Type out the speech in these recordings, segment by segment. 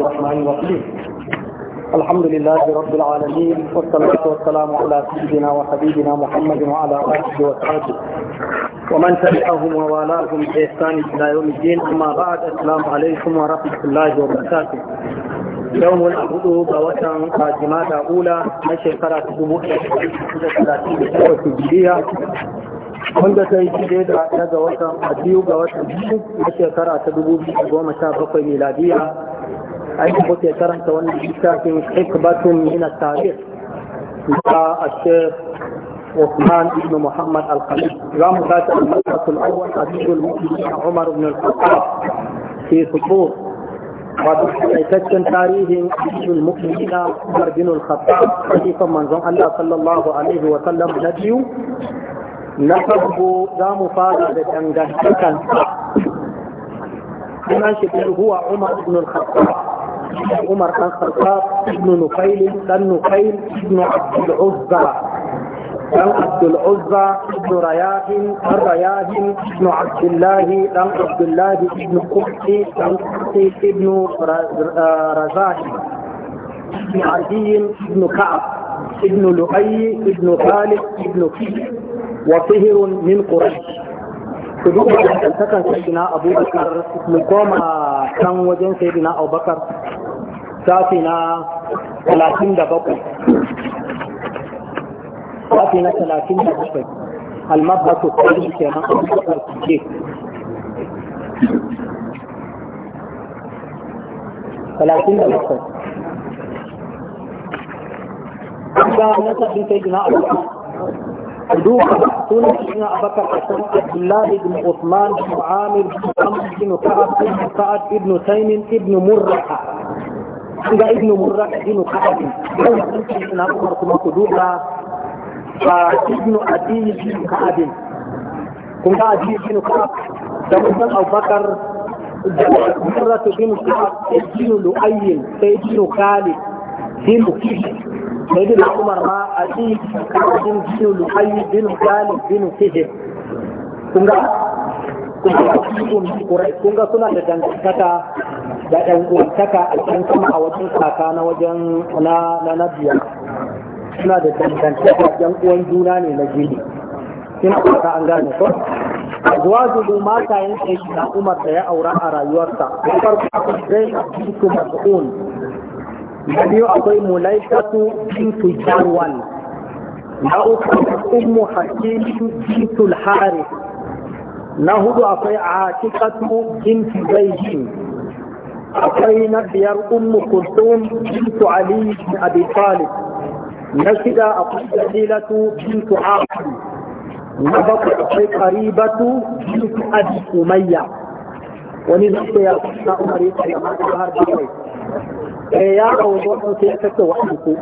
الرحمن الرحيم الحمد لله رب العالمين والصلاة والسلام على سيدنا وحبيبنا محمد وعلى آله وصحبه ومن تبعهم ووالاهم بإحسان إلى يوم الدين أما بعد السلام عليكم ورحمة الله وبركاته يوم الأبدو بوتن قادمات أولى من شكرة جمهورية الهجرية wanda ta yi daidai da ta ga watan a biyu ga watan biyu a shekara ta dubu biyu goma sha bakwai miladiya aikin ko ya karanta wani littafin hikbatun min at-tarikh ta ashe Uthman ibn Muhammad al za mu ta ta al-fasl awwal hadithul mu'min Umar ibn al-Khattab fi sufur wa taitaccen tarihin hadithul mu'min ila Umar ibn al-Khattab khalifan manzon Allah sallallahu alaihi wa sallam na biyu na farko za mu fara da dangantakan sunan shi huwa Umar ibn al عمر بن الخطاب ابن نفيل بن نفيل ابن عبد العزى بن عبد العزى بن رياح بن رياح بن عبد الله بن عبد الله بن قبطي بن قبطي بن رزاح آه، بن عدي بن كعب ابن لؤي ابن خالد ابن فيه وطهر من قريش su duk da dangantakan sayyidina abubakar mu koma kan wajen sayyidina abubakar safi na talatin da bakwai safi na talatin da bakwai almabbatu kwallo ke nan abubakar kuje talatin da bakwai ga nasabin sayyidina abubakar دوبا سنة بن أبكر حسن عبد الله بن عثمان بن عامر بن بن كعب بن سعد بن تيم بن مرة إلى ابن مرة بن كعب بن عمر كما دوبا ابن أبي بن كعب كم أبي بن كعب دمثل أبو بكر مرة بن كعب بن لؤي بن خالد بن كعب سيدنا عمر ما أبي بن لحي بن غالب بن كهب كنغا kunga suna da dangantaka da dangantaka a cikin kuma a wajen kaka na wajen na na nabiya suna da dangantaka yan uwan juna ne na jini suna kuka an gane ko zuwa da mata yin aiki na umar da ya aura a rayuwarsa farko akwai zai a cikin mas'un النبي أبو ملايكة بنت جروان نعوك أم حكيم بنت الحارث نهض أبي عاتقة بنت زيجين أبي نبيار أم كلثوم بنت علي بن أبي طالب نسد أبي جليلة بنت عاصم نبط أبي قريبة بنت أبي أمية ونزلت يا أبي eh ya auri waɗansu ya kashe waɗansu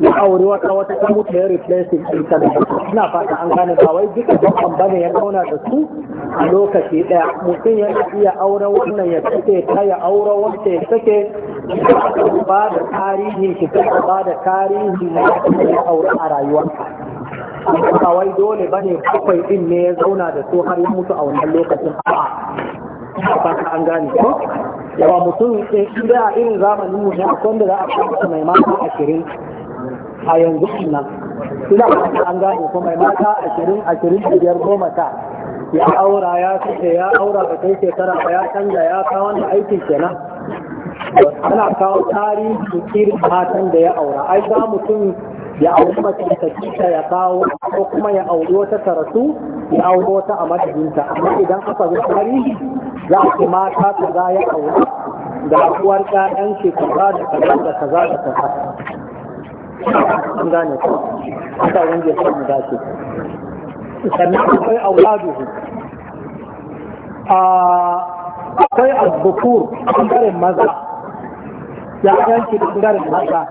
ya auri wata wata ta mutu ya replacing ɗinta da ba ina fata an gane ba wai duka babban bane ya zauna da su a lokaci ɗaya mutum ya iya aure wannan ya sake ta ya aure wanda ya sake ba da tarihin shi ta ba da tarihin na ya aure a rayuwarka ba wai dole bane bakwai ɗin ne ya zauna da su har ya mutu a wannan lokacin a'a ba an gane ba. yawa mutum da a irin zamanin mu ne akwai wanda za a kanta mai mata ashirin a yanzu nan ina ba an gane ko mai mata ashirin ashirin da biyar goma ta ya aura ya kace ya aura ba kai shekara ba ya canza ya kawo wanda aikin kenan ana kawo tarihi irin matan da ya aura ai za mutum ya auri mace ta kita ya kawo ko kuma ya auri wata karatu ya auri wata a madadinta amma idan aka zo tarihi za a mata ka za ya aure da uwar ƴaƴan shi kaza da kaza da kaza da kaza an gane ko haka wanda ya samu dace sannan akwai auladu. akwai azbukur ɓangaren maza ƴaƴan shi ɓangaren maza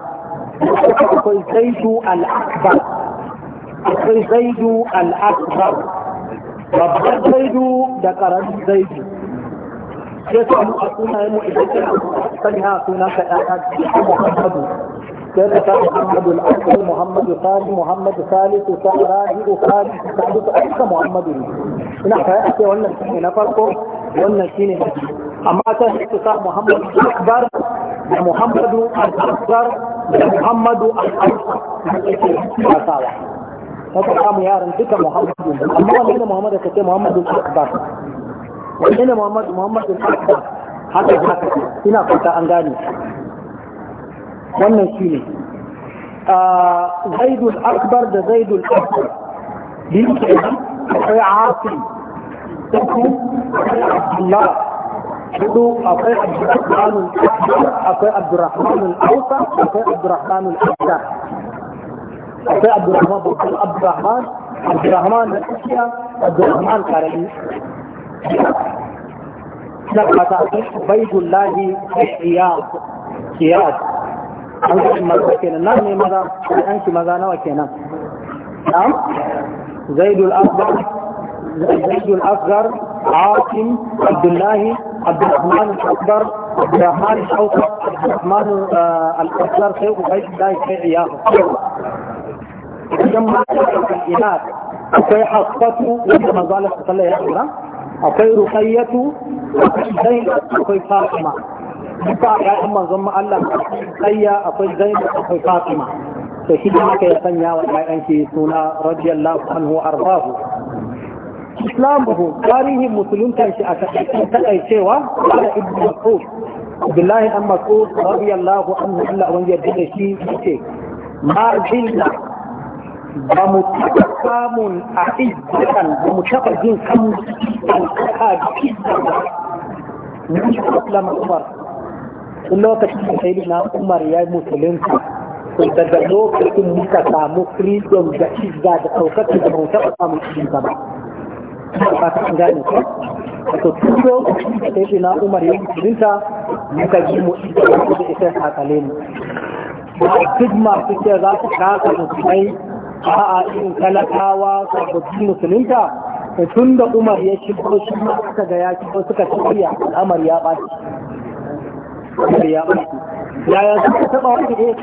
akwai zaidu al-akbar akwai zaidu al-akbar babban zaidu da ƙaramin zaidu sai su mu a sunayen mu idan kana sani ha suna ka ɗaya Muhammadu sai ka sa Muhammadu al-Akbar Muhammadu Sani Muhammadu Salisu Sa'rahi'u Sani Salisu aika Muhammadu ne ina kai a ce wannan shine na farko wannan shine na biyu amma ta su sa Muhammadu Akbar da Muhammadu al-Akbar da Muhammadu al-Akbar da ke sawa Haka samu yaran duka Muhammadu amma wani ne Muhammadu ka ce Muhammadu Akbar wanda Muhammadu Muhammadu Hassan haka haka ina fata an gane wannan shine Zaidul Akbar da Zaidul Akbar din ke akwai Asim uku akwai Abdullah hudu akwai Abdurrahman al-Akbar akwai Abdurrahman al-Awsa akwai Abdurrahman al-Akbar akwai Abdurrahman Abdurrahman Abdurrahman al-Ashiya Abdurrahman Karami بيد الله احتياط احتياط انتم نعم زيد الافضل زيد الافضل عاصم عبد الله عبد الرحمن الاكبر عبد الرحمن الشوكه عبد الرحمن الاكبر شيخ بيت الله شيخ عياض كم مرة في الإناث؟ كيف حصلت؟ كيف مظالة صلى يا عليه وسلم؟ akwai ruqayyatu akwai akwai fatima duka ya'yan manzon mu Allah kayya akwai zainab akwai fatima to shi da aka ya sanya wa ƴaƴan suna radiyallahu anhu arbahu islamuhu tarihin musulunta shi a takaicewa ala ibnu mas'ud abdullahi dan mas'ud radiyallahu anhu Allah wani ya dinda shi yace ma jinna ba mu taɓa samun a izzakan ba mu taɓa jin kan ɗaukaka da izzan ba mun shi islam umar tun lokacin da sai na umar ya yi musulunci to daga lokacin muka samu freedom da izza da ɗaukaka da mu taɓa samun izza ba ba ta gane ko to tun lokacin da sai na umar ya yi musulunta muka ji mu izza da ita hakale mu duk masu ce za su kasa musulmai a'a irin talakawa sababbin musulunta tun da umar ya shigo shi ma aka ga ya shigo suka shirya al'amar ya ba Ya ya ɓaci yaya suka taba wani da ya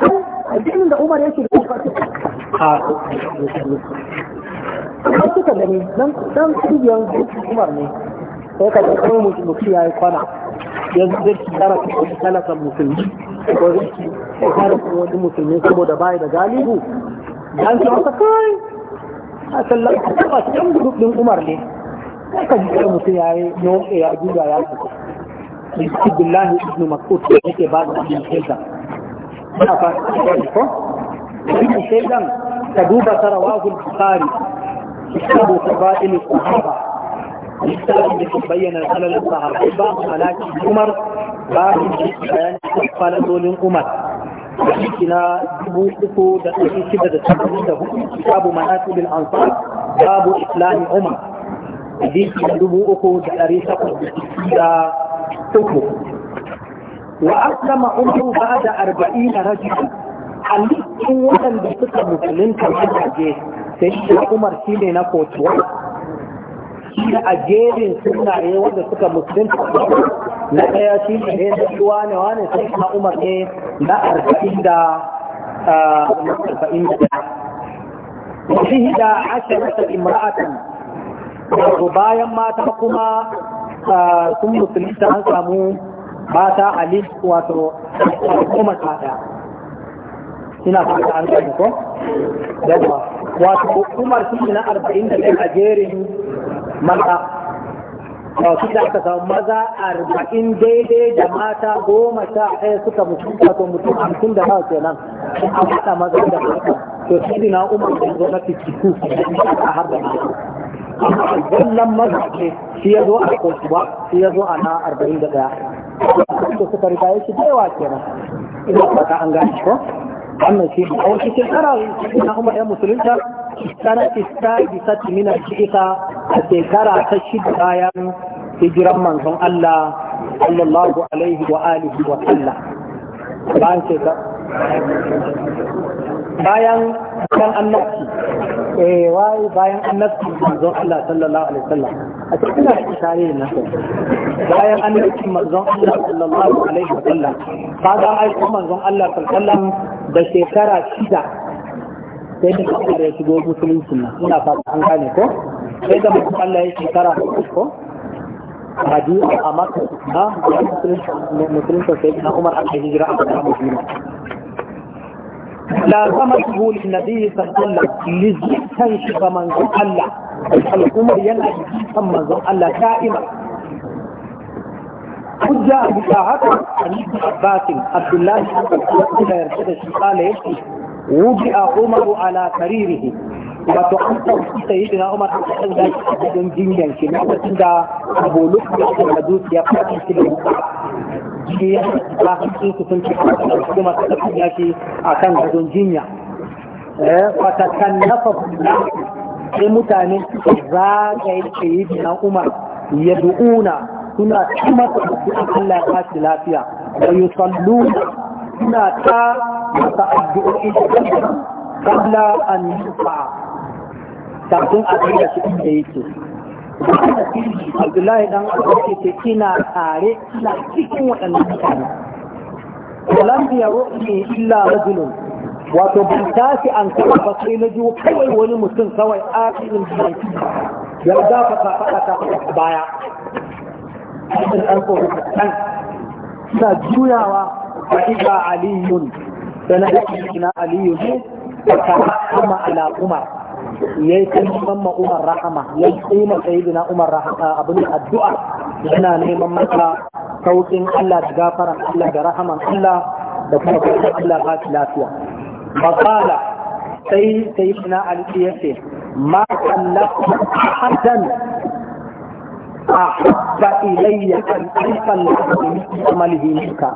addinin da umar ya shigo a kuma suka gani dan dan kungiyar umar ne sai ka kuma mutum ya yi kwana yanzu zai ki tsara talakan musulmi ko zai ki tsara wani musulmi saboda bai da galibu dan su masa kai a sallar ka taba can gudun umar ne ka ji kai mutum ya yi noke ya duba ya fito Abdullahi ibn Mas'ud yake ba da abin shaida. Ina fata ko? Abin shaidan ka duba sarawahul Bukhari كتاب فضائل الصحابة bayyana الذي بين ba الصحابة باب ملاك عمر باب بيان خلل Umar. hadisi na dubu uku da ɗari shida da saba'in da hudu kitabu manaqibul ansar babu islami umar hadisi na dubu uku da ɗari takwas da uku wa aslama umaru ba'da arba'ina rajulan halittun waɗanda suka musulun musulunta je sai shi umar shi ne na kotuwa? shi a jerin sunaye wanda suka musulun musulunta na ɗaya shi ne ɗaya da wane wane sai na umar ne na arba'in da ah, arba'in da ɗaya shi da ashirata imra'atan wato bayan mata kuma ah, sun musulunta an samu mata alif wato kuma tsada ina ta an samu ko yawa wato umar shi na arba'in da ɗaya a jerin mata ba su da aka samu maza arba'in daidai da mata goma sha ɗaya suka mutum wato mutum hamsin da nawa kenan sun an haɗa maza da mata to sai na umar da zo na fitiku a har da mata wannan maza ne shi ya zo a kotu ba shi ya zo a na arba'in da ɗaya to suka riga ya shi da kenan ina fata an gani ko wannan shi a wasu shekara na umar ya musulunta tana ista bisa timina shi ita a shekara ta shida bayan hijiran manzon Allah sallallahu alaihi wa alihi wa sallam bayan shekara bayan kan annabci eh wai bayan annabci manzon Allah sallallahu alaihi wa sallam a cikin tarihi na bayan annabci manzon Allah sallallahu alaihi wa sallam kaga ai manzon Allah sallallahu alaihi wa sallam da shekara shida sai da kafar ya shigo musulunci na ina fata an gane ko sai da mutum Allah ya ko hadi a maka na musulunta sai na umar aka hijira a النبي صلى الله عليه وسلم لزيتا شبمن الله الأمر ينعي شبمن الله دائما حجة بساعات عن عباس عبد الله بن عباس قال وجئ عمر على سريره wato an sauki sai yi da umar an da shi a cikin jinyan shi wasu da abu lokacin da aka madu ya fara shi da shi ya ba su sun su sun ci kuma su da ya shi a kan gadon jinya eh, wata kan nafa sai mutane su za ce yi da umar ya du'una suna cima su da Allah ya ba lafiya da sallu suna ta masa addu'o'i قبل أن يشفع kafin a kai da shi inda yake Abdullahi dan Abuja ce ina tare ina cikin waɗannan mutane. Walam ya roƙi illa rajulun wato ban tashi an kawai ba sai na jiwo kawai wani mutum kawai akirin biyan ya dafa ta faɗa ta baya. Abin ɗan tsoro kaɗan suna juyawa wa iza aliyun da na ga ina aliyu ne ta kama ala umar ya yi neman Umar rahama ya yi ma sayyidina Umar rahama abin addu'a yana neman maka sauƙin Allah da gafaran Allah da rahaman Allah da kuma kuma Allah ba shi lafiya faqala sai sayyidina Ali ya ce ma kallaka hadan ahabba ilayya an alfa min amalihi minka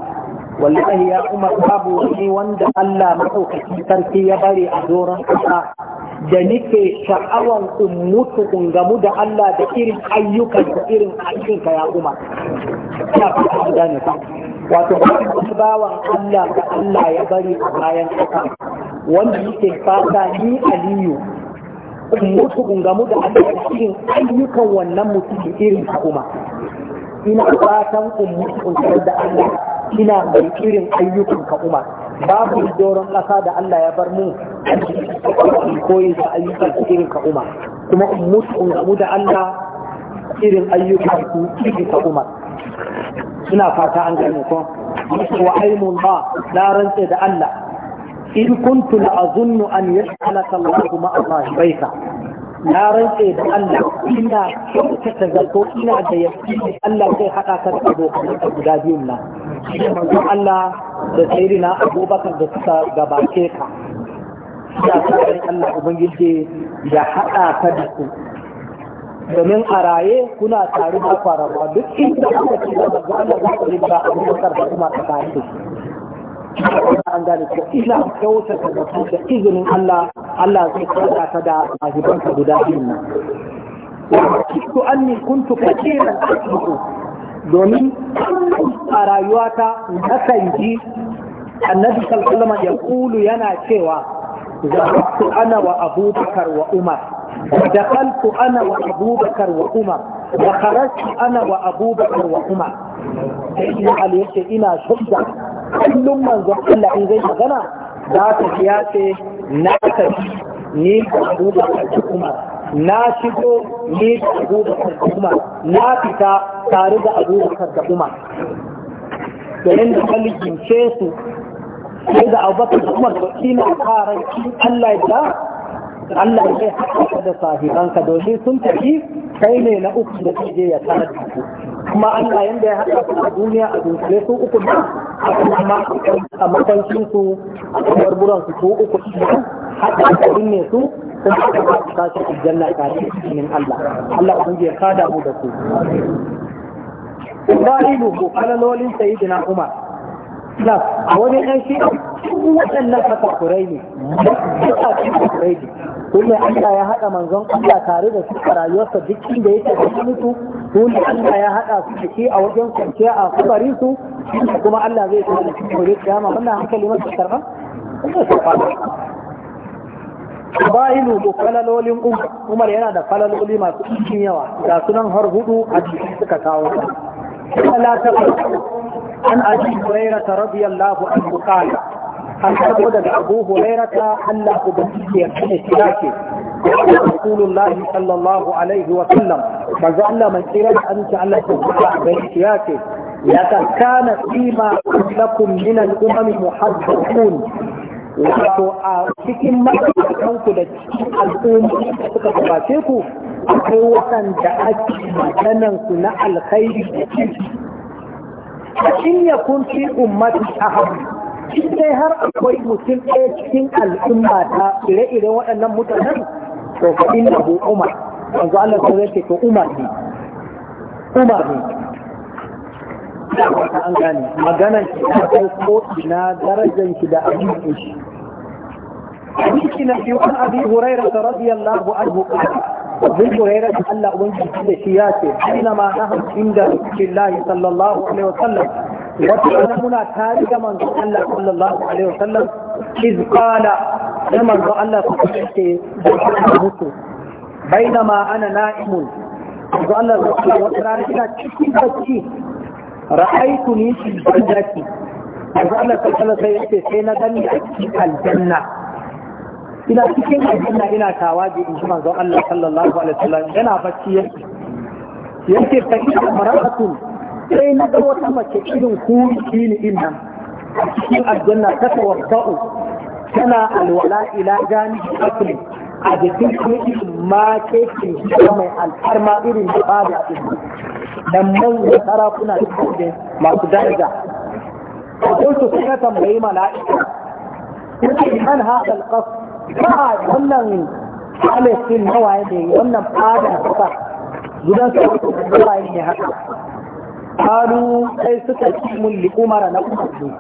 wallahi ya umar babu wani wanda Allah maɗaukaki sarki ya bari a doron ƙasa da nike sha'awan in mutu in gamu da Allah da irin ayyukan da irin ka ya umar ya fi ta gane ka wato wani bawan Allah da Allah ya bari a bayan ƙasa wanda yake fata ni aliyu in mutu in gamu da Allah da irin ayyukan wannan mutum irin ka umar ina fatan in mutu in da Allah ina mai irin ayyukan ka umar babu doron ƙasa da Allah ya bar mu koyi da ayyukan ku irin ka umar kuma mutu da Allah irin ayyukan ku irin ka umar ina fata an gane ko wa aimun ba na rantse da Allah in kuntu la azunnu an yas'alaka Allah ma Allah baika na rantse da Allah ina kyautata zato ina da yaki Allah zai haɗa ka da abokanka guda biyun na. manzo Allah da sayyidina Abubakar da suka gabace ka ya tsarin Allah ubangiji ya haɗa ka da su domin a raye kuna tare da kwarawa duk inda aka ci da manzo Allah za ku rinka Abubakar da kuma tsakanin su an gane ko ila kyauta ta da da izinin Allah Allah zai kauta ta da ajiban ka guda biyun nan to anni kuntu kaseeran asbuku domin a rayuwata na kan ji annabi sallallahu alaihi ya kulu yana cewa zahabtu ana wa abubakar wa umar dakhaltu ana wa abubakar wa umar wa kharajtu ana wa abubakar wa umar sai ina yake ina kullum manzon Allah in zai magana za ta ya ce na tafi ni da Abubakar kuma, na shigo ni da Abubakar kuma, na fita tare da abu da kuma. domin da kalikince su sai da abu da kuma da kina fara Allah ya Allah ya haɗa da sahibanka domin sun tafi kai ne na uku da je ya tara da kuma Allah yanda ya haɗa su a duniya a dunkule su uku da a kuma a makwancin su a kamar buran su uku da haɗa a binne su kuma aka ba su tashi janna tare cikin Allah Allah kun ya ka mu da su Ubaidu ko alalolin Sayyidina Umar na a wani ɗan shi cikin waɗannan fatakurai ne duka fatakurai ne kuma Allah ya haɗa manzon Allah tare da su a rayuwarsa duk inda yake da su mutu kuma Allah ya haɗa su da shi a wajen kwanciya a kubarin su kuma Allah zai kuma da cikin wajen kiyama wannan hankali masu karɓa Bayilu da falalolin Umar yana da falaloli masu cikin yawa ga sunan har hudu a cikin suka kawo. Allah ta an abi hurairata radiyallahu anhu qala an karbo daga abu hurairata Allah ubangiji ya kane shi yake rasulullahi sallallahu alaihi wa sallam manzo Allah mai tsira da aminci Allah ta zuwa ga ya wato a cikin ma'aikatanku da cikin al'umma da suka gabace ku akwai waɗanda ake maganan su na alkhairi da ciki in ya kunci ummati ahad in dai har akwai mutum ɗaya cikin al'umma ta ire-iren waɗannan mutanen to fa inna hu umar yanzu Allah sai yake to umar ne umar ne ta an gane maganar ki ta kai ko ina darajar ki da abin shi حديث نبي عن ابي هريره رضي الله عنه قال abin kurera da Allah ubangiji da shi ya ce innama nahnu inda rasulillahi sallallahu alaihi wa sallam? wata ana muna tare da manzo Allah sallallahu alaihi wasallam iz qala da manzo Allah ku ce da shi mutu bainama ana na'imun manzo Allah sallallahu alaihi rana kina cikin bacci ra'aytu ni fi jannati manzo Allah sallallahu alaihi wasallam sai na gani a cikin aljanna ina cikin aljanna ina tawaji in ji manzon Allah sallallahu alaihi wasallam yana bacci yake yake tafiya maratu sai na ga wata mace irin ku ni din nan cikin aljanna ta tawadda'u tana alwala ila jani akli a jikin kuɗi ma ke cikin mai alfarma irin da ba da dan manyan sarakuna da masu daraja ko su suka tambayi mala'ika kuma man hada alqas ba wannan palestine na waye ne wannan fada suka gidan su waye ne haka kanu sai suka ci mun likumara na umar ne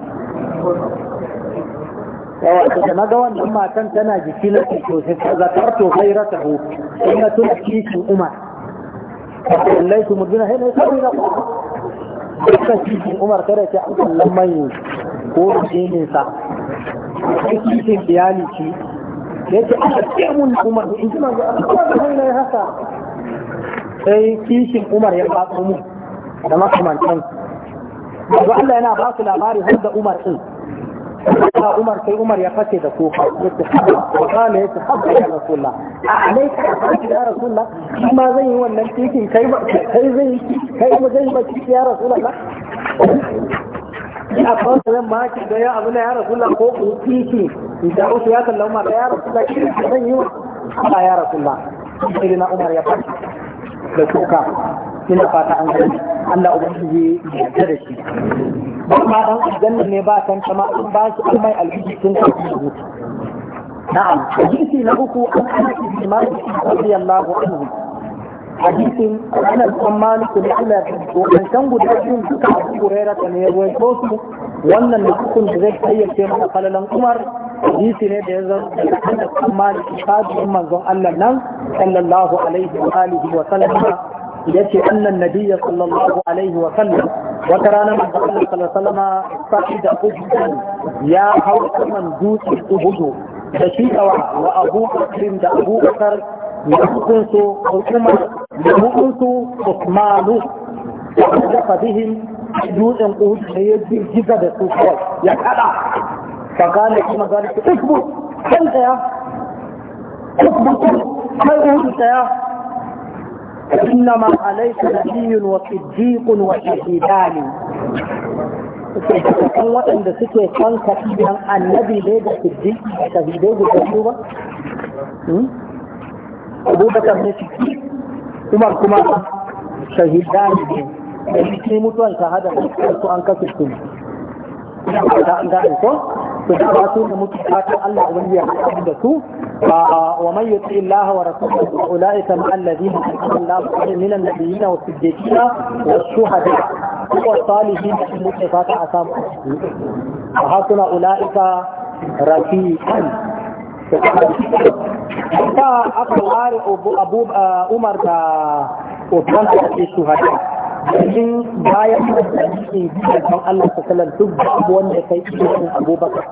yawa da na ga wannan matan tana jiki na to sai zakarto khairatahu na tuna kishin umar kallaitu mudina hina sai na suka kishin umar kada ta an kallon mai ko kishin sa kishin iyali ci yace aka ce mun Umar in ji manzo Allah da mun ne haka sai kishin Umar ya ba mu da makamantan manzo Allah yana ba su labari har da Umar din ya Umar sai Umar ya fashe da kofa, kuka yace wa kana yace habba ya Rasulullah a alaika ya Rasulullah shi ma zan yi wannan kishin kai ba kai zai kai ba zai ba ya Rasulullah ya fara zan maki ki da ya abu na ya Rasulullah ko ku kishin da uku ya kalla umar ya rasulullah shi zan yi wa ya rasulullah sai na umar ya fara da kuka ina fata an gani Allah ubangiji ya da shi Ba kuma dan aljanna ne ba san kama an ba shi an mai alhiji tun da shi na'am hadisi na uku an ana ijma'i radiyallahu anhu hadisin ana tsammani ku ne Allah ko an san guda biyun duka Abu Hurairah ne ya rawaito su wannan da hukun da zai kayyace mana falalan Umar hadisi ne da ya zama da kuma tabi'in manzon Allah nan sallallahu alaihi wa alihi wa sallam yace annan nabiyya sallallahu alaihi wa sallam wata rana manzon Allah sallallahu alaihi wa sallam da hujjan ya hau saman dutse uhudu da shi kawa wa abu bakrin da abu bakar su hukunsu hukumar da hukunsu usmanu da dafa bihin dutsen uhudu da ya jirgiza da su ya kada فقال لك ما قال اثبت انت يا اثبت خير انت يا انما عليك نبي وصديق وشهيدان kan waɗanda suke kan kafiyan annabi ne da siddi shahidai guda su ba abubakar ne siddi umar kuma shahidan ne da shi mutuwan shahada su an kasu su da an ga'in ko to da ba su da muke fatan Allah wani ya haɗa da su wa man yuti Allah wa rasulahu ulaika ma alladhina Allah min an-nabiyina wa siddiqina wa shuhada wa salihin muke fatan a samu a hasuna ulaika rafiqan ta aka ware abu umar da Usman da ake shuhada cikin bayan da ke kan Allah ta sallar duk abuwan wanda ya kai cikin abubakar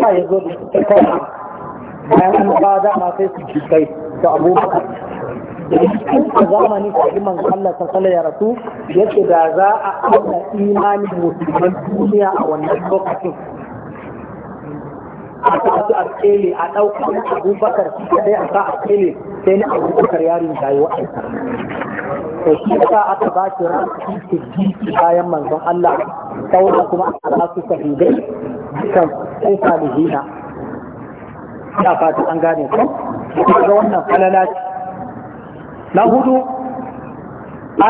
ba ya zo da su kai bayan an ba da ma sai su kai da abubakar da cikin zamani ko iman Allah ta sallar ya rasu yake da za a auna imanin musulman duniya a wannan lokacin a kasu a tsele a ɗaukar abubakar sai a sa a tsele sai na abubakar yarin yi wa'aikar to shi sa aka ba shi ran shi bayan manzon Allah sauran kuma aka ba su shahidai dukan sai salihina ina fata an gane ko ga wannan falala na hudu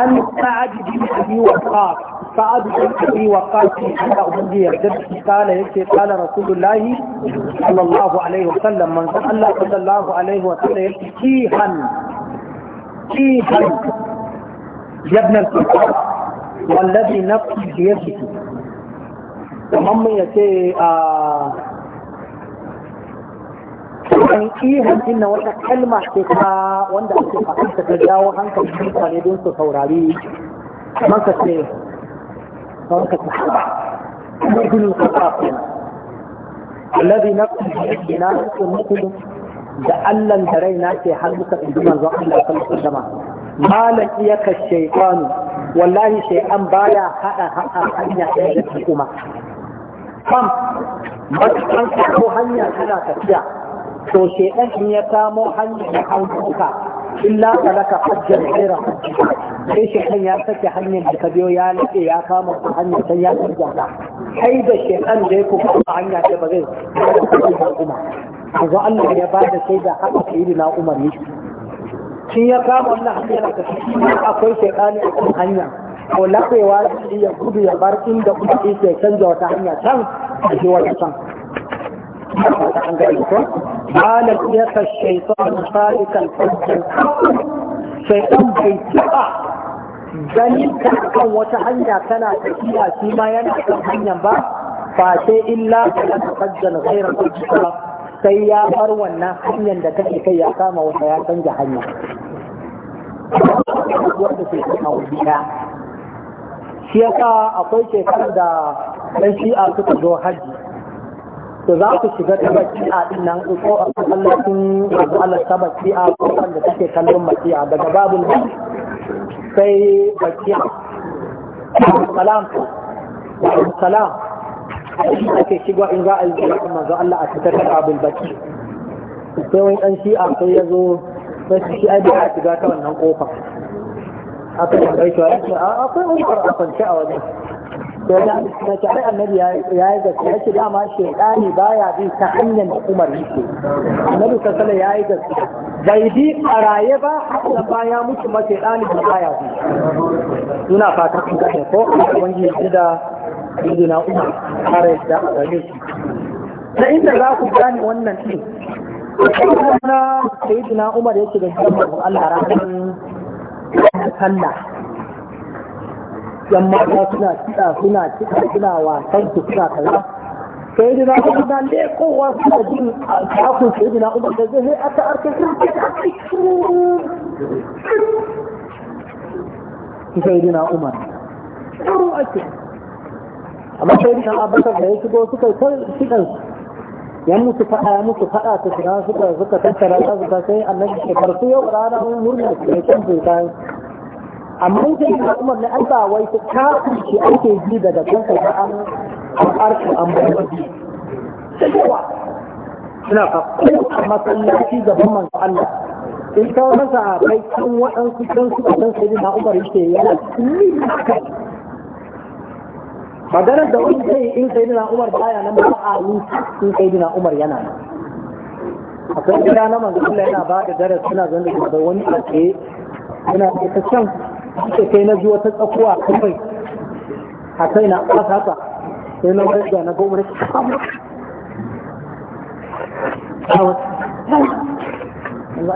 an sa'ad bin abi waqas sa'ad bin abi waqas da ubangi yarda shi kala yake kala rasulullahi sallallahu alaihi wasallam manzon Allah sallallahu alaihi wasallam yake kihan kihan يا ابن القرآن والذي نفسي بيده ومن يتي kan ihun din na wata kalma ce ta wanda ake fahimta ta jawo hankali mutane don su saurari kamar ka ce kamar ka ce haɓa kuma ibinin kasa kuma alladhi nafsi bi na cikin mutum da Allah da rai raina ke har muka ɗin manzon Allah sallallahu alaihi wasallam malam iyaka shaytanu wallahi shay'an baya hada haɗa hanya ɗaya da kuma kam matakan ko hanya tana tafiya to shaytan in ya samo hanya da hauka illa falaka hajjar tsira sai shaytan ya sake hanyar da ka biyo ya laɗe ya kama ku hanya sai ya canja ka kai da shaytan da ya kuma hanya ta ba zai kuma Allah ya bada sai da haka sayyidina na umarni. shi ya kama wannan hanyar da shi akwai shekani a kan hanya ko lafewa shi ya gudu ya bar inda kuma shi ke canza wata hanya can da shi wata can an ga iko ala taba ganin ka kan wata hanya tana tafiya shi ma yana hanyar ba fa illa ka fajjan sai ya bar wannan hanyar da kake kai ya kama wata ya canja hanya wanda ke kuma wuya shi yasa akwai shekarar da ɗan shi'a suka zo hajji to za ku shiga ta shi'a din nan ko a masallacin yanzu Allah ta shi'a ko wanda take kallon shi'a daga babul sai shi'a salam salam ake shiga in za a yi jirgin manzo Allah a fitar da abul baki sai wani dan shi'a sai ya zo sai shi shi'a da shiga ta wannan kofa aka yi bai shiwa yake a akwai umar a kwance a wajen sai da na tare annabi ya yi gaske da ce dama shaidani baya bi ta hanyar umar yake annabi sassala ya yi gaske bai bi a raye ba haka baya mutu ma shaidani ba baya bi suna fatan kun kashe ko a wani da sayyidina umar kare da gare shi ta inda za ku gane wannan din na sayyidina umar yake da jama'a Allah ranar sallah yan mata suna kiɗa suna kiɗa suna wasan su suna kaza sai dina umar na lekowa suna jin takun sai dina umar da zai aka arka sun kiɗa sai dina umar Turu ake, amma sai da abakar da ya shigo suka shigan ya musu faɗa ya musu faɗa ta shiga suka suka tattara ta suka sai annabi ke karfi yau rana mun murna su ne kan zai amma sai da umar ne an ba wai ta kafirci ake ji daga kanka ta an an arku an bai sai yawa ina fa masallaci gaban manzo Allah in ta wata sahabbai kan waɗansu kan su a kan sai da umar yake yana cikin maganar da wani sai in sai dina umar ba ya nan ba a yi in sai dina umar yana nan akwai gida na manzo Allah yana ba da darar suna zanda da wani a tsaye suna ta can suke kai na zuwa wata tsakuwa kawai a kai na ƙasa haka sai na wani da na gomar Allah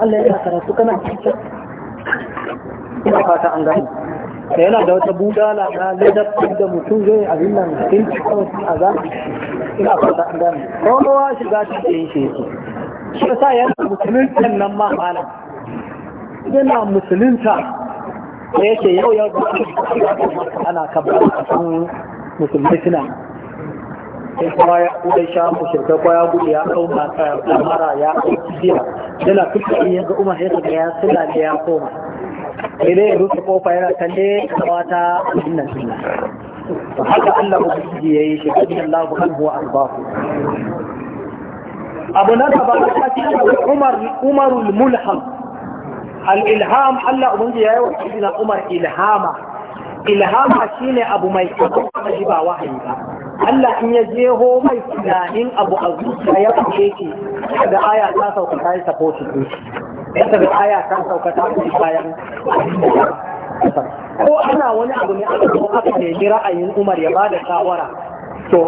yana karatu kana cikin ina fata an gani da yana da wata budala na ladabtar da mutum zai abin nan in cikin a za ina fata an gane kowa shiga cikin shi yake shi yasa yana musuluntan nan ma malam yana musulunta da yake yau ya yau da ana kabar a cikin musulmai suna sai kuma ya kudai sha mu shirka ko ya gudu ya kau mara ya kau tafiya yana kuka iya ga umar ya ya sula da ya koma sai dai rufe kofa yana kalle kawa ta wata sunna sunna to haka Allah shi ya yi shi radiyallahu anhu wa ardahu abu na gaba ta ci Umar Umarul Mulham al-ilham Allah shi ya yi wa sayyidina Umar ilhama ilhama shine abu mai kuma shi ba wahayi ba Allah in ya je jeho mai tunanin abu a zuciya ya fice shi da aya ta sauka ta yi support yadda da aya ta sauka ta kuma bayan ko ana wani abu ne aka zo aka nemi ra'ayin umar ya ba da shawara to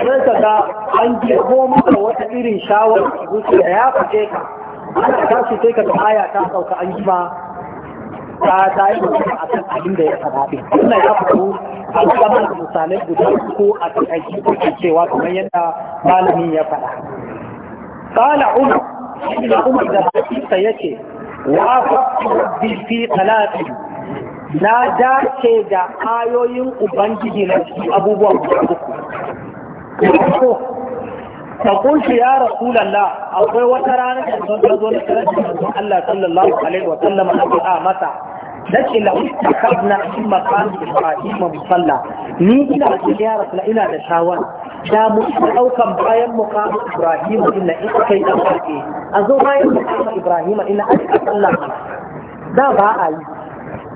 sai ka ga an ji goma da wata irin shawara a zuciya ya fice ka ana tashi sai ka ga aya ta sauka an ji ma ta ta yi mutum a kan abin da ya faɗaɗe wannan ya fito a zaman misalai guda ko a takaici ko cewa kamar yadda malamin ya faɗa قال عمر kuma da ده حقيقة يكي وافقت ربي في ثلاث na dace da ayoyin ubangiji na cikin abubuwan guda uku ta kunshi ya rasulallah akwai wata rana da sun zo na karatun manzon Allah sallallahu alaihi wa sallam a du'a mata dace la takabna in makan ibrahim musalla ni ina da ya rasul ina da shawara da mu ɗaukan bayan mukamu Ibrahim inna in kai yi farke, a zo bayan mukamu Ibrahim inna a cikin sallah da ba a yi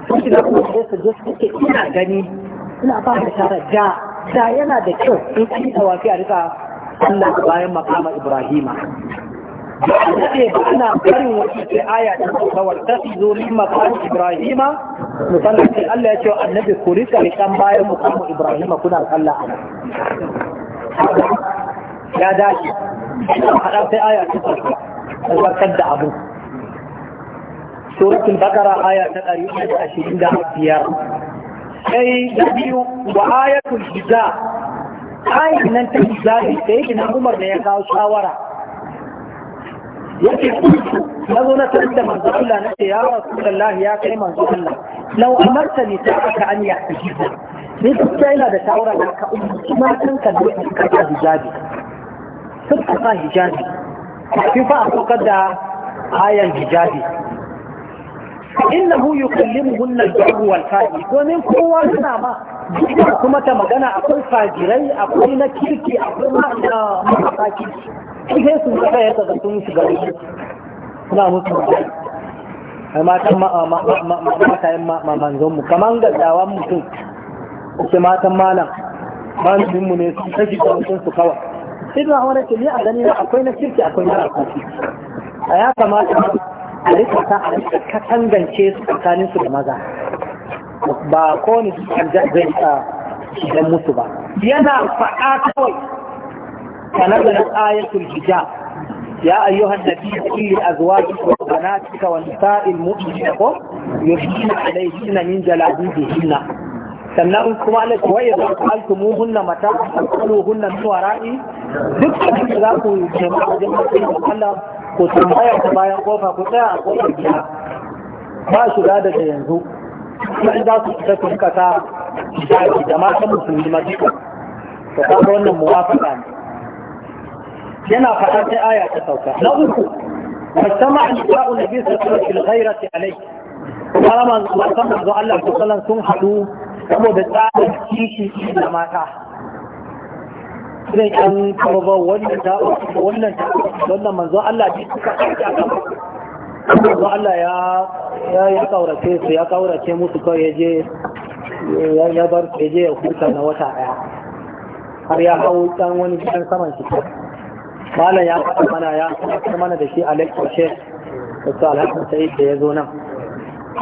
sun shiga kuma sai su je suke ina gani ina ba da tara da da yana da kyau in an yi tawafi a rika sallah bayan mukamu Ibrahim ce ba ina barin wasu ce aya da kawar ta zo min makamu Ibrahima musamman Allah ya ce wa annabi ku rika rikan bayan mukamu Ibrahima kuna sallah ya dace ina hada sai aya ta farko tabbatar da abu suratul baqara aya ta biyar. sai da biyu wa ayatul hiza ayin nan ta hiza sai ina umar ne ya kawo shawara yake kuntu na zo na tarar da manzo Allah na ce ya Rasulullahi ya kai manzo Allah law amarta ni ta aka an ya tajiba ni gaskiya ina da shawara da ka umma matan ka da ka ka hijabi sun ka sa hijabi kafin fa a saukar da ayan hijabi innahu yukallimuhunna al-jahu wal fadi domin kowa yana ma kuma ta magana akwai fajirai akwai na kirki akwai na kirki sai su ga ya ta sun shiga suna musu matan matayen manzon mu kaman gaddawan mutum ce matan malam malamin mu ne su kashi da mutum su kawa. sai da wani ce ni a gani akwai na kirki akwai na rafi a ya kamata a rika ta a rika tangance su tsakanin su da maza ba kowane su kan zai ta shigan musu ba yana faɗa kawai فنزلت آية الحجاب يا أيها النبي قل لأزواجك وبناتك ونساء المؤمنين يحيين عليهن من جلابيبهن sannan kuma Allah kuwa ya zama altumuhunna mata alquluhunna min wara'i duk da za ku nemi wajen mutum Allah ko tambaya ta bayan kofa ku tsaya a kofar gida ba shiga daga yanzu sai za su fita tunkata da matan musulmi ma duka to kaga wannan muwafaqa ne yana faɗa sai aya ta sauka na uku فاجتمع نساء النبي صلى الله عليه وسلم في الغيرة عليه فلما الله sun haɗu saboda tsarin kishi da mata zai wannan ta wannan ta wannan manzo Allah suka manzo Allah ya ya ya kaurace su ya kaurace musu kawai ya je ya ya bar ya je ya huta na wata daya har ya hau dan wani gidan saman shi Malam ya faɗa mana ya faɗa mana da shi a lecture sheikh da su alhaji sai da ya zo nan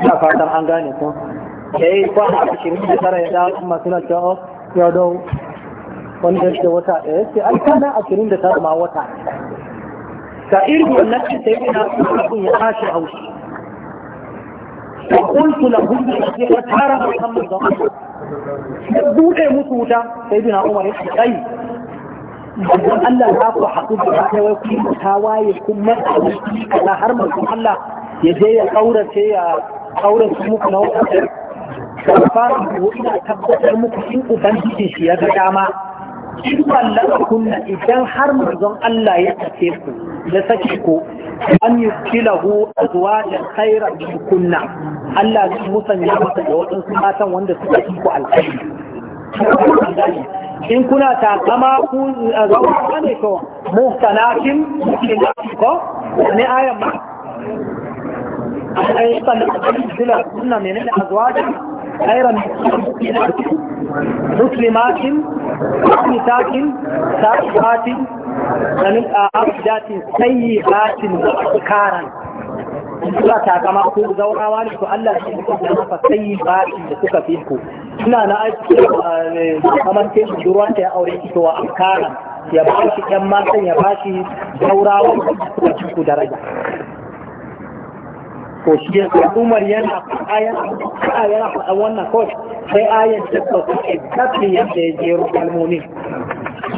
ina fatan an gane ko ya yi kwana a cikin da tara ya dawo kuma suna cewa oh, ya dawo wanda ya wata Ya sai an kana a cikin da tara ma wata ka irin wannan ce sai ina abin ya tashi haushi فقلت لهم ترى محمد ضعيف دون ايه موت وتا سيدنا عمر يحكي idan Allah za ku haɗu da ta wai ku ta waye kun matsa ku kaza har kun Allah ya je ya kaurace ya su muku na wata karfa ku ina tabbatar muku in ubangiji shi ya ga dama in wallaka kunna idan har manzon Allah ya tafe ku ya sake ku an yi kilahu kaira khairan kunna Allah ya musanya masa da waɗansu matan wanda suka yi ku alƙali. in kuna takama ku zuwa ne ko muhtanakin muhtanakin ko ne ayan ma ai kan dila sunna ne ne azwaj khairan muslimatin muslimatin sa'ihatin min a'abdatin sayyihatin karan Allah ta kama ku zaurawa ne to Allah shi suka da haka sai baki da suka fi ku ina na aiki eh, kamar ke su ruwa ta aure ki to an kara ya ba shi ɗan matan ya ba shi zaurawa suka fi ku daraja Ko shi ya Umar yana ayan ayan wannan kawai sai ayan ta sauka exactly yadda ya je kalmomin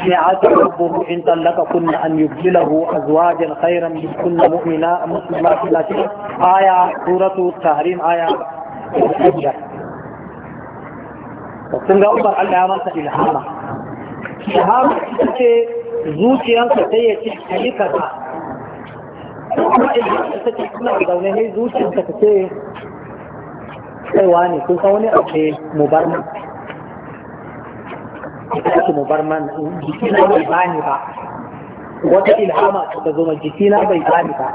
شيعته ربه إن طلقكن أن يبدله أزواجا خيرا منكن مؤمنا مسلمات لا آية سورة التحريم آية sun ga umar Allah ya masa ilhama ilhama ita ce zuciyarsa sai ya ce a ta? kaza kuma ilhama ta ce kuna zaune ne zuciyarsa ta ce kaiwa ne kun san wani abu mu bar mu tashi mu bar man jikina bai bani ba wata ilhama ta zo jiki na bai bani ba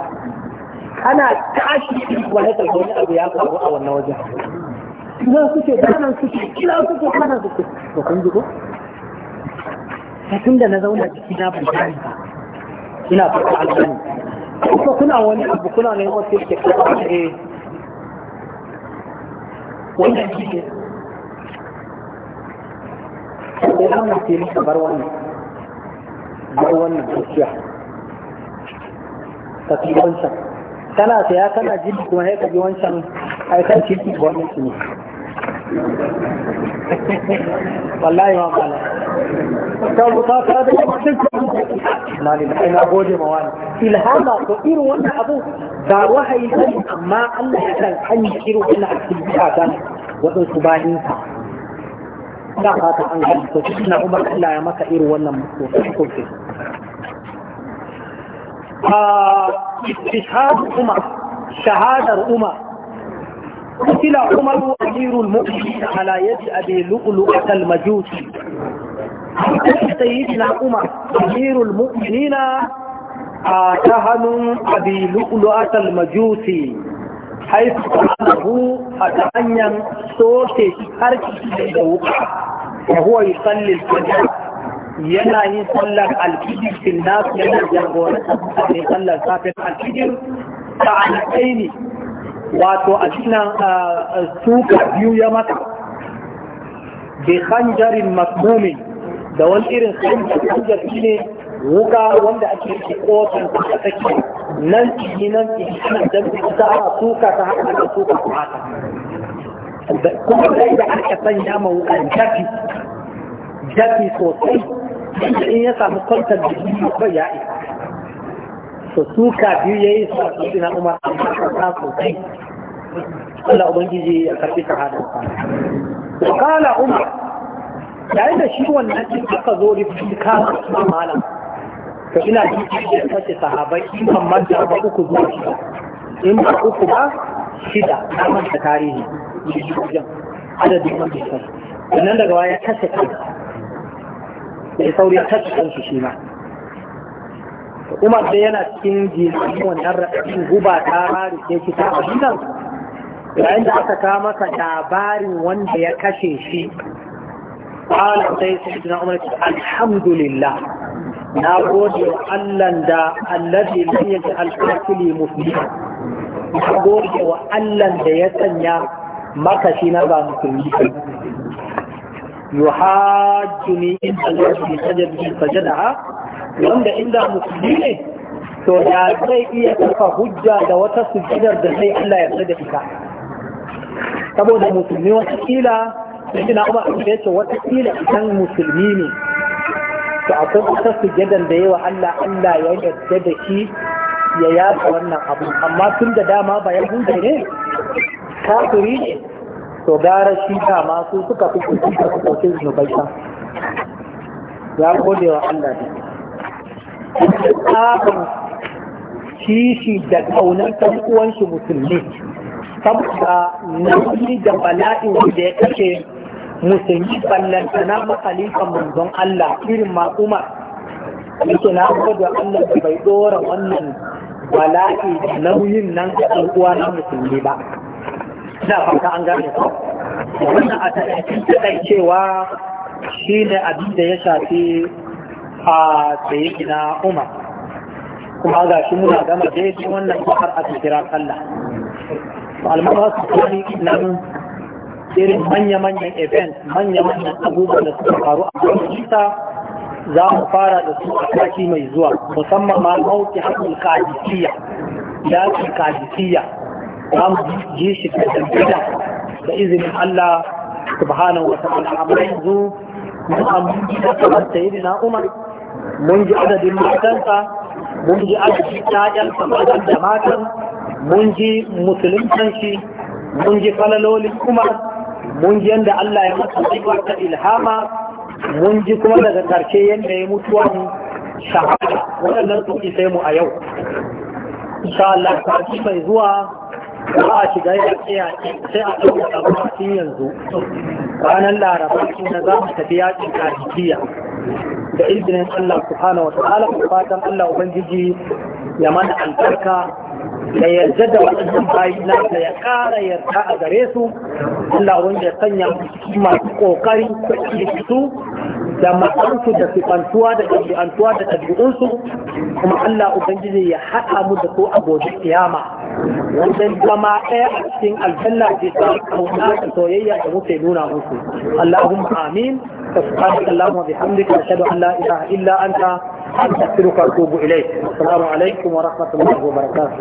ana tashi wani da wani abu ya faru a wannan wajen kina suke danan suke kila suke kana suke to kun ji ko tun da na zauna jiki na bai bani ba ina fata alƙali ko kuna wani abu kuna ne wata yake kasa ne eh. wannan jiki sai an mace bar wannan bar wannan ka fi wancan kana saya kana jin kuma sai ka ji wancan aikar ciki wannan shi ne wallahi ma mala ta buka ta da mutum na ne ina gode ma wani ilhama ko irin wannan abu ba wahayi bane amma Allah ya kan hanyar irin wannan aktivita ta wadansu bayinsa ina fata an gani to shi na umar Allah ya maka irin wannan kofi a ishaq umar shahadar umar قتل عمر أمير المؤمنين على يد أبي لؤلؤة المجوسي سيدنا عمر أمير المؤمنين آتهن أبي لؤلؤة المجوسي حيث طعنه أتعنيا صوتي حركة الوقع wa huwa yusalli yana yin sallar al-fajr fil nas yana jagorantar mutane sallar safin al-fajr sa'anataini wato a cikin suka biyu ya mata bi khanjarin masmumin da wani irin khanjar shine wuka wanda ake yi kotun da take nan ciki nan ta suka ta haka haka kuma sai da aka sanya ma wukan Jafi dafi sosai da in ya samu kwantar da biyu bai ya isa so suka biyu ya yi su a sosai na umar a kasa sosai Allah Ubangiji ya karɓi shahadar sa. Kala Umar, yayin da shi wannan cin aka zo da rifika a malam, to ina ji da sace sahabai in ban manta ba uku zuwa shida, in ba uku ba shida na manta tarihi. guri wajen adadin wanda ya kashe da sauri ya kashe shi ma umar da yana cikin jini wannan raɗin guba ta rari ke ta yayin da aka kawo masa labarin wanda ya kashe shi قال سيدنا عمر الحمد لله na gode wa Allahn da allazi lam yaj'al qatili muflisa na gode wa Allahn da ya sanya makashi na ba musulmi yuhajjuni in Allah bi sajadi sajadaha wanda inda musulmi ne to ya zai iya kafa hujja da wata sujjidar da sai Allah ya da ita saboda musulmi wata kila sai na Umar ya ce wata kila idan musulmi ne to akwai wata sujjadar da yawa Allah Allah ya yarda da shi ya yasa wannan abu amma tun da dama ba ya ne kafiri ne to gara shi dama su suka fi kusa da kusokin zunubai ta ya gode wa Allah ne tsaban kishi da kaunar ɗan uwan shi musulmi saboda nauyi da bala'in da ya kashe musulmi ballanta na makalifan manzon Allah irin ma Umar yake na gode wa Allah da bai dora wannan bala'i da nauyin nan ga ɗan na musulmi ba Ina fata an gane wannan a shi abin da ya shafi a tsaye na umar kuma ga shi muna gama daidai wannan kwakar a kira sallah al'amura su kwani nan irin manya-manyan event manya-manyan abubuwan da suka faru a kwanista za mu fara da su a kwaki mai zuwa musamman ma mawuki haƙin kadisiyya yaƙin za mu ji shi da kasantaka da izinin Allah subhanahu wa ta'ala amma yanzu mun amince da kamar sayyidina Umar mun ji adadin matansa mun ji adadin ta'yansa matan da matan mun ji musuluntan shi mun ji falalolin Umar mun ji yadda Allah ya masa rayuwa ta ilhama mun ji kuma daga karshe yadda ya mutuwa shahada waɗannan su sai mu a yau insha Allah mai zuwa ba a shiga ya tsaya sai a ɗauka abincin yanzu ranar laraba na za mu tafi yakin kajikiya da izinin Allah subhanahu wa ta'ala ku fatan Allah ubangiji ya mana albarka da yarda da waɗannan bayi na da ya ƙara yarda a gare su Allah wanda ya sanya masu ƙoƙari kuɗi su da matsansu da sifantuwa da ɗabi'antuwa da ɗabi'unsu kuma Allah ubangiji ya haɗa mu da su a gobe kiyama wajen zama ɗaya a cikin aljanna ke sa kauna da soyayya da muke nuna musu Allahumma amin subhanak allahumma bihamdika ashhadu an la ilaha illa anta astaghfiruka wa atubu ilayk assalamu alaikum wa rahmatullahi wa barakatuh